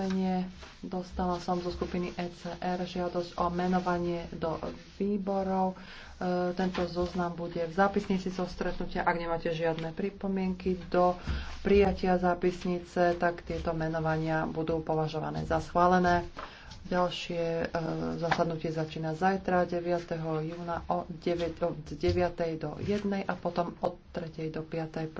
oznámenie. Dostala som zo skupiny ECR žiadosť o menovanie do výborov. E, tento zoznam bude v zápisnici so stretnutia. Ak nemáte žiadne pripomienky do prijatia zápisnice, tak tieto menovania budú považované za schválené. Ďalšie e, zasadnutie začína zajtra 9. júna od 9, od 9. do 1. a potom od 3. do 5.